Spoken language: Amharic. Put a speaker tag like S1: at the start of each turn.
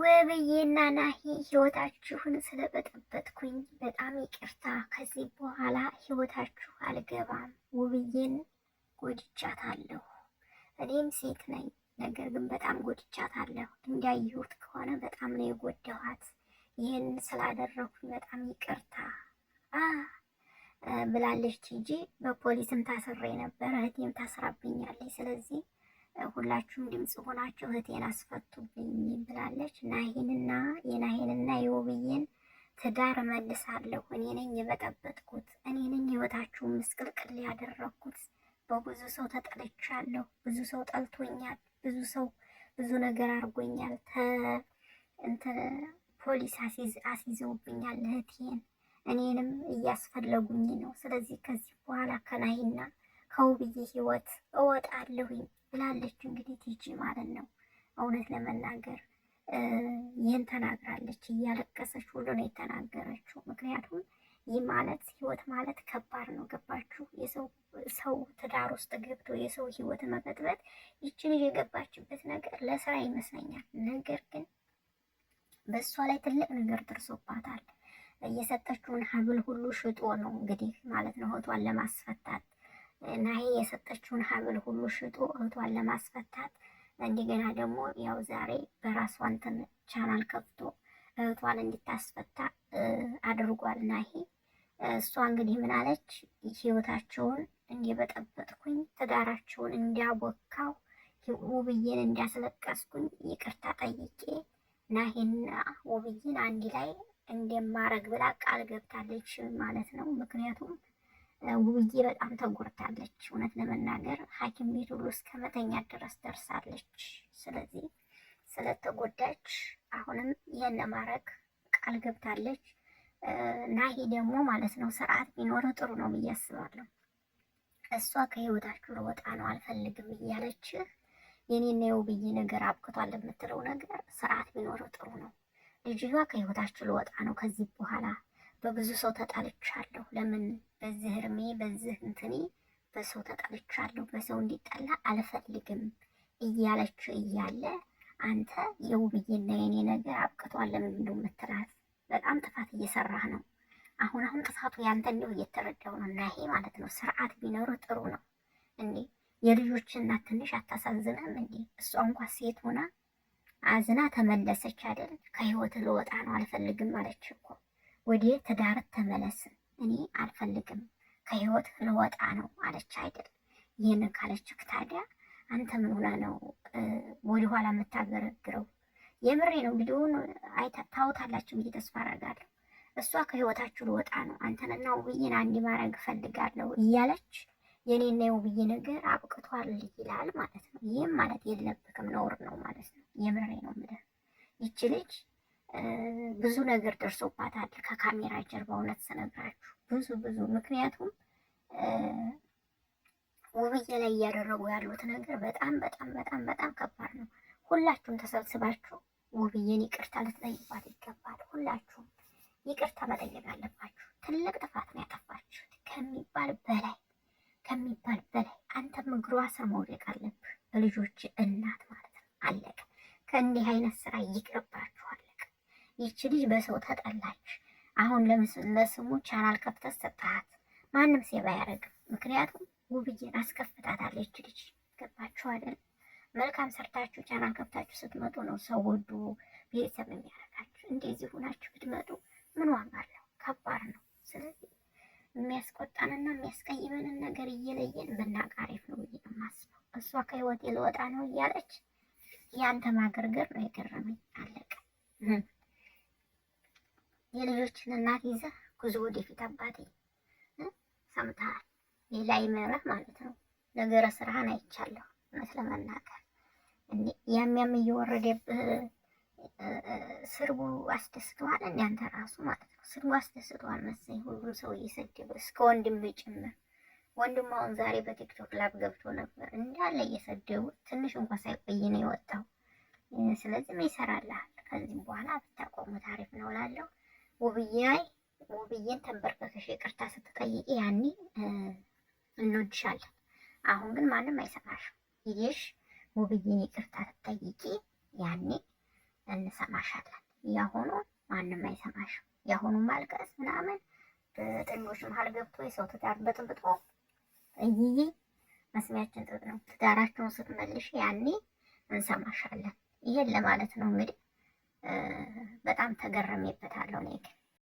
S1: ውብዬና ናሂ ህይወታችሁን ስለበጠበጥኩኝ በጣም ይቅርታ። ከዚህ በኋላ ህይወታችሁ አልገባም። ውብዬን ጎድቻታለሁ። እኔም ሴት ነኝ፣ ነገር ግን በጣም ጎድቻታለሁ። እንዳየሁት ከሆነ በጣም ነው የጎደኋት። ይህን ስላደረኩኝ በጣም ይቅርታ ብላለች። ቲጂ በፖሊስም ታስሬ ነበረ እህቴም ታስራብኛለች። ስለዚህ ሁላችሁም ድምፅ ሆናችሁ እህቴን አስፈቱብኝ ብላለች። ናሂንና የናሂንና የውብዬን ትዳር መልሳለሁ። እኔ ነኝ የበጠበጥኩት፣ እኔ ነኝ ህይወታችሁን ምስቅልቅል ያደረግኩት። በብዙ ሰው ተጠልቻለሁ፣ ብዙ ሰው ጠልቶኛል፣ ብዙ ሰው ብዙ ነገር አድርጎኛል። ፖሊስ አስይዘውብኛል እህቴን እኔንም እያስፈለጉኝ ነው። ስለዚህ ከዚህ በኋላ ከናሂና ከውብዬ ህይወት እወጣለሁኝ። ብላለች እንግዲህ ቲጂ ማለት ነው። እውነት ለመናገር ይህን ተናግራለች፣ እያለቀሰች ሁሉ ነው የተናገረችው። ምክንያቱም ይህ ማለት ህይወት ማለት ከባድ ነው። ገባችሁ? ሰው ትዳር ውስጥ ገብቶ የሰው ህይወት መበጥበጥ፣ ይች ልጅ የገባችበት ነገር ለስራ ይመስለኛል። ነገር ግን በእሷ ላይ ትልቅ ነገር ደርሶባታል። የሰጠችውን ሀብል ሁሉ ሽጦ ነው እንግዲህ ማለት ነው እህቷን ለማስፈታት ናሄ የሰጠችውን ሀብል ሁሉ ሽጦ እህቷን ለማስፈታት እንደገና ደግሞ ያው ዛሬ በራሷ እንትን ቻናል ከፍቶ እህቷን እንዲታስፈታ አድርጓል ናሄ እሷ እንግዲህ ምናለች ህይወታቸውን እንዲበጠበጥኩኝ ትዳራቸውን እንዲያቦካው ውብዬን እንዲያስለቀስኩኝ ይቅርታ ጠይቄ ናሄና ውብዬን አንድ ላይ እንደማረግ ብላ ቃል ገብታለች ማለት ነው። ምክንያቱም ውብዬ በጣም ተጎድታለች። እውነት ለመናገር ሐኪም ቤት ሁሉ እስከ መተኛ ድረስ ደርሳለች። ስለዚህ ስለተጎዳች አሁንም ይህን ለማድረግ ቃል ገብታለች። ናሂ ደግሞ ማለት ነው ስርዓት ቢኖረው ጥሩ ነው ብዬ አስባለሁ። እሷ ከህይወታችሁ ልወጣ ነው አልፈልግም እያለች የኔና የውብዬ ነገር አብቅቷል የምትለው ነገር ስርዓት ቢኖረ ጥሩ ነው። ልጅቷ ከህይወታችሁ ልወጣ ነው ከዚህ በኋላ በብዙ ሰው ተጣልቻለሁ። ለምን በዚህ እርሜ በዚህ እንትኔ በሰው ተጣልቻለሁ፣ በሰው እንዲጠላ አልፈልግም እያለች እያለ አንተ የውብዬና የኔ ነገር አብቅቷል። ለምንድን ነው የምትላት? በጣም ጥፋት እየሰራህ ነው። አሁን አሁን ጥፋቱ ያንተ እየተረዳው ነው። እና ይሄ ማለት ነው ስርዓት ቢኖር ጥሩ ነው እንዴ! የልጆች እናት ትንሽ አታሳዝንም እንዴ? እሷ እንኳ ሴት ሆና አዝና ተመለሰች አይደል? ከህይወት ልወጣ ነው አልፈልግም አለች እኮ ወደ ትዳር ተመለስ፣ እኔ አልፈልግም፣ ከህይወት ልወጣ ነው አለች አይደል። ይህን ካለችህ ታዲያ አንተ ምን ሆና ነው ወደኋላ የምታገረግረው? የምሬ ነው። ቪዲዮውን ታውታላችሁ ብዬ ተስፋ አደርጋለሁ። እሷ ከህይወታችሁ ልወጣ ነው አንተንና ውብዬን አንድ ማድረግ እፈልጋለሁ እያለች የኔና የውብዬ ነገር አብቅቷል ይላል ማለት ነው። ይህም ማለት የለብክም ነውር ነው ማለት ነው። የምሬ ነው የምልህ ይቺ ልጅ ብዙ ነገር ደርሶባታል ከካሜራ ጀርባ እውነት ስነግራችሁ ብዙ ብዙ ምክንያቱም ውብዬ ላይ እያደረጉ ያሉት ነገር በጣም በጣም በጣም በጣም ከባድ ነው። ሁላችሁም ተሰብስባችሁ ውብዬን ይቅርታ ልትጠይቋት ይገባል። ሁላችሁም ይቅርታ መጠየቅ አለባችሁ። ትልቅ ጥፋት ነው ያጠፋችሁት ከሚባል በላይ ከሚባል በላይ አንተም እግሯ ስር መውደቅ አለብህ። በልጆች እናት ማለት ነው። አለቀ። ከእንዲህ አይነት ስራ ይቅርብ። ይቺ ልጅ በሰው ተጠላች። አሁን ለስሙ ቻናል ከፍተህ ሰጠሃት፣ ማንም ሴባ አያደርግም። ምክንያቱም ውብዬን አስከፍታታለች ይቺ ልጅ። ገባችሁ አይደል? መልካም ሰርታችሁ ቻናል ከፍታችሁ ስትመጡ ነው ሰው ወዱ ቤተሰብ የሚያደርጋችሁ። እንደዚህ ሁናችሁ ብትመጡ ምን ዋጋ አለው? ከባድ ነው። ስለዚህ የሚያስቆጣንና የሚያስቀይመንን ነገር እየለየን ብናውቅ ነው ብዬ ነው የማስበው። እሷ ከህይወቴ ልወጣ ነው እያለች ያንተ ማገርገር ነው የገረመኝ። አለቀ። የልጆችን እናት ይዘህ ጉዞ ወደፊት አባቴ። ሰምተሃል? ሌላ ይመራህ ማለት ነው። ነገረ ስራህን አይቻለሁ። እውነት ለመናገር ያም ያም እየወረደብህ ስርቡ አስደስተዋል። እንዳንተ ራሱ ማለት ነው ስርቡ አስደስተዋል መሰለኝ። ሁሉም ሰው እየሰደበ እስከ ወንድም ጭምር ወንድም አሁን ዛሬ በቲክቶክ ላብ ገብቶ ነበር እንዳለ እየሰደቡ ትንሽ እንኳ ሳይቆይ ነው የወጣው። ስለዚህ ምን ይሰራልሃል? ከዚህም በኋላ ብታቆሙ ታሪፍ ነው እላለሁ። ውብዬ ውብዬን ተንበርከከሽ ይቅርታ ስትጠይቂ ያኔ እንወድሻለን። አሁን ግን ማንም አይሰማሽም። ይሽ ውብዬን ይቅርታ ስትጠይቂ ያኔ እንሰማሻለን። ያሁኑ ማንም አይሰማሽም። ያሁኑ ማልቀስ ምናምን በጥንዶች መሀል ገብቶ የሰው ትዳር በጥብጦ እይይ መስሚያችን ጥጥ ነው። ትዳራቸውን ስትመልሽ ያኔ እንሰማሻለን። ይሄን ለማለት ነው እንግዲህ በጣም ተገርሜበታለሁ እኔ ግን